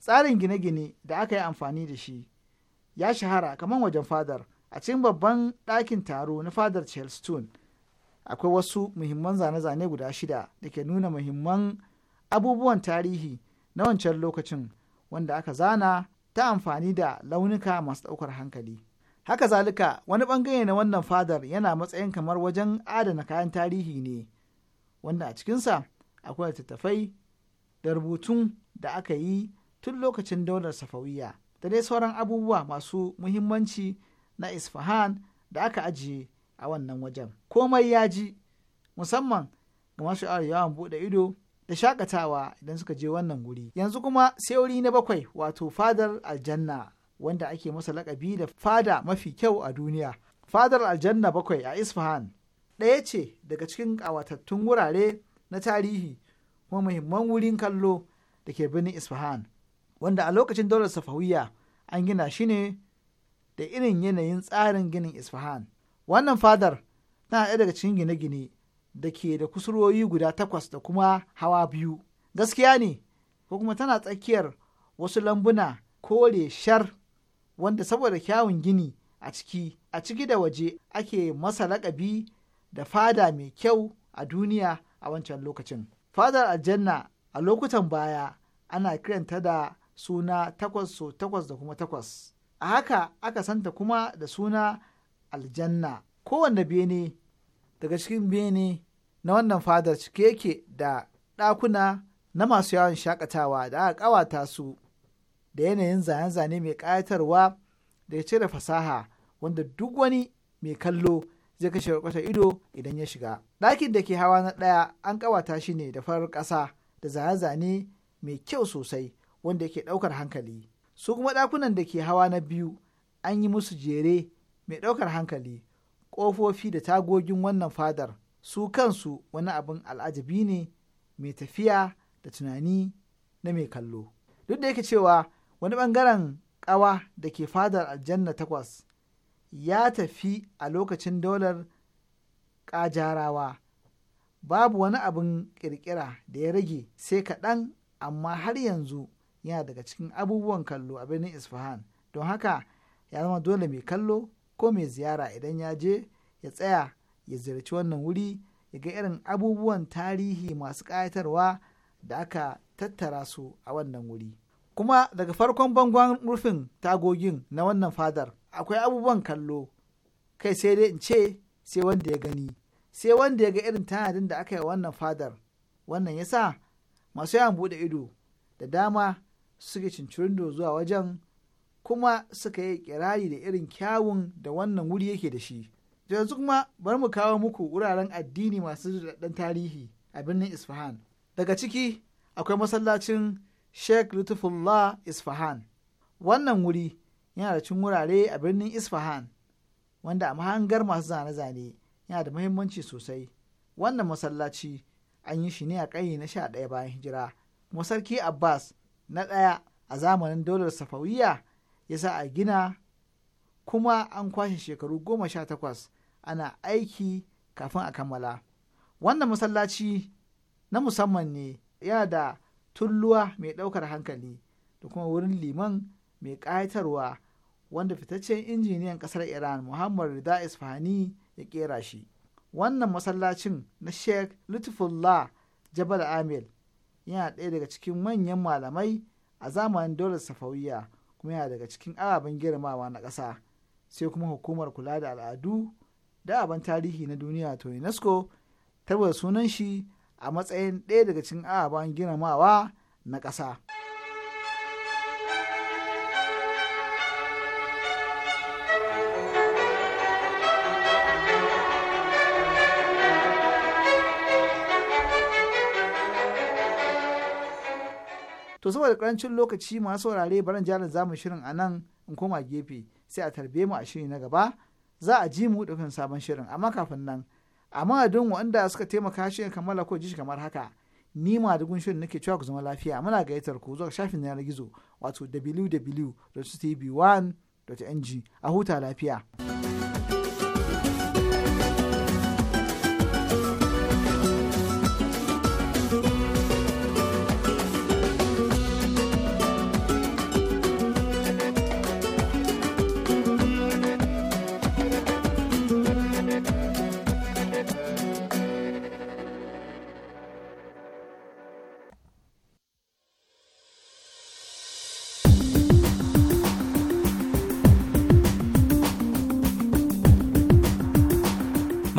Tsarin gine-gine da aka yi amfani da shi ya shahara kamar wajen fadar. a cikin babban ɗakin taro na fadar Charleston akwai wasu muhimman zane-zane guda shida da ke nuna muhimman abubuwan tarihi na wancan lokacin wanda aka zana ta amfani da launuka masu ɗaukar hankali. Haka zalika wani bangare na wannan fadar yana matsayin kamar wajen adana kayan tarihi ne wanda a cikinsa akwai littattafai da rubutun da aka yi tun lokacin daular safawiya da dai sauran abubuwa masu muhimmanci na isfahan da aka ajiye a wannan wajen komai ya ji musamman ga masu yawan buɗe ido da shakatawa idan suka je wannan guri yanzu kuma sai wuri na bakwai wato fadar aljanna wanda ake masa lakabi da fada mafi kyau a duniya fadar aljanna bakwai a isfahan ɗaya ce daga cikin ƙawatattun wurare na tarihi kuma muhimman wurin kallo da ke birnin isfahan wanda a lokacin daular safawiya an gina shi ne da irin yanayin tsarin ginin isfahan wannan fadar tana ɗaya daga cikin gine-gine da ke da kusurwoyi guda takwas da kuma hawa biyu gaskiya ne ko kuma tana tsakiyar wasu lambuna kore shar wanda saboda kyawun gini a ciki a ciki da waje ake masa lakabi da fada mai kyau a duniya a wancan lokacin fadar aljanna a lokutan baya ana kiranta da suna takwas so takwas da kuma takwas a haka aka santa kuma da suna aljanna kowanne bene daga cikin bene na wannan fadar cike yake da ɗakuna na masu yawon shakatawa da aka ƙawata su da yanayin zane-zane mai ƙayatarwa da ya cire fasaha wanda duk wani mai kallo zai kashe kwata ido idan ya shiga ɗakin da ke hawa na ɗaya an ƙawata shi ne da farar ƙasa da zane-zane mai kyau sosai wanda yake ɗaukar hankali su kuma ɗakunan da ke hawa na biyu an yi musu jere mai ɗaukar hankali ƙofofi da tagogin wannan fadar su kansu wani abin al'ajabi ne mai tafiya da tunani na mai kallo duk da yake cewa wani ɓangaren ƙawa da ke fadar aljanna takwas ya tafi a lokacin daular ƙajarawa babu wani abin ƙirƙira da ya rage sai kaɗan amma har yanzu yana daga cikin abubuwan kallo a birnin isfahan don haka ya zama dole mai kallo ko mai ziyara idan ya je ya tsaya ya ziyarci wannan wuri ya ga irin abubuwan tarihi masu ƙayatarwa da aka tattara su a wannan wuri kuma daga farkon bangon rufin tagogin na wannan fadar akwai abubuwan kallo kai sai dai in ce sai wanda ya gani sai wanda ya ga irin tanadin da aka yi wannan fadar wannan yasa masu yawan buɗe ido da dama suke cincirindo zuwa wajen kuma suka yi kirari da irin kyawun da wannan wuri yake da shi. yanzu kuma bari mu kawo muku wuraren addini masu daɗaɗɗen tarihi a birnin Isfahan. Daga ciki akwai masallacin Sheikh Lutufullah Isfahan. Wannan wuri yana da cin wurare a birnin Isfahan wanda a mahangar masu zane-zane yana da muhimmanci sosai. Wannan masallaci an yi shi ne a kai na sha ɗaya bayan hijira. Kuma sarki Abbas na ɗaya a zamanin daular safawiya ya sa a gina kuma an kwashe shekaru goma sha takwas ana aiki kafin a kammala wannan masallaci na musamman ne yana da tulluwa mai ɗaukar hankali da kuma wurin liman mai ƙayatarwa wanda fitaccen injiniyan ƙasar iran muhammad rida isfahani ya ƙera shi wannan masallacin na sheikh lutfullah jabal amil yana ɗaya daga cikin manyan malamai a zamanin daular safawiya kuma yana daga cikin ababen girmawa na ƙasa sai kuma hukumar kula da al'adu da abin tarihi na duniya to unesco ta sunan shi a matsayin ɗaya daga cikin ababen girmamawa na ƙasa. to saboda karancin lokaci masu saurare baran jarin zamu shirin a nan in koma gefe sai a tarbe mu a shiri na gaba za a ji mu dukkan sabon shirin amma kafin nan a madadin wanda suka taimaka shi kammala ko ji kamar haka ni ma gun shirin nake cewa ku zama lafiya muna gayyatar ku zuwa shafin yanar gizo wato www.tv1.ng a huta lafiya.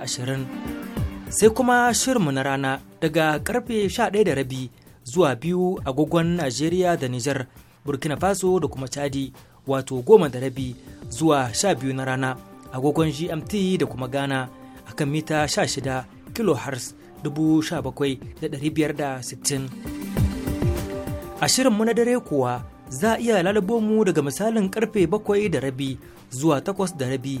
ashirin sai kuma shirmu na rana daga karfe 11:00 zuwa biyu agogon Najeriya da Nijar Burkina Faso da kuma Chadi wato goma da rabi zuwa 12:00 na rana agogon GMT da kuma Ghana a kan mita 16 kHz 17,560 a shirinmu na dare kuwa za a iya lalabo mu daga misalin karfe bakwai da rabi zuwa takwas da rabi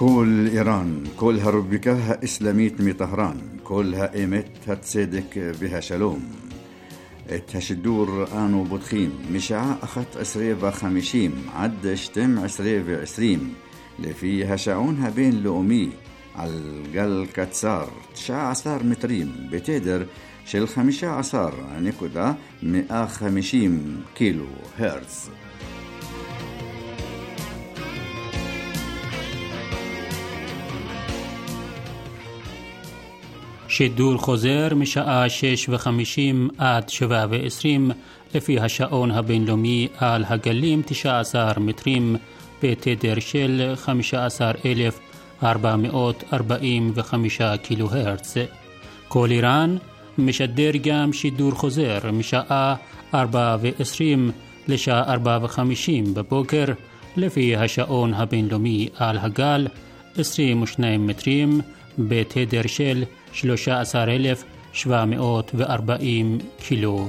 كل إيران كل هربك إسلاميت مي طهران كل ها إيمت هتسيدك بها شلوم الدور آنو بدخيم مشاع أخت أسريفا خمشيم عد شتم أسريفا عسريم لفي هشعون بين لومي على قل كتسار تشاع عصار متريم بتدر شل خمشة عصار نكودا مئة خمشيم كيلو هرتز שידור חוזר משעה וחמישים עד ועשרים לפי השעון הבינלאומי על הגלים 19 מטרים בתדר של 15,445 קילו הרץ. כל איראן משדר גם שידור חוזר משעה ועשרים לשעה וחמישים בבוקר לפי השעון הבינלאומי על הגל 22 מטרים בתדר של 15,445 13,740 קילו.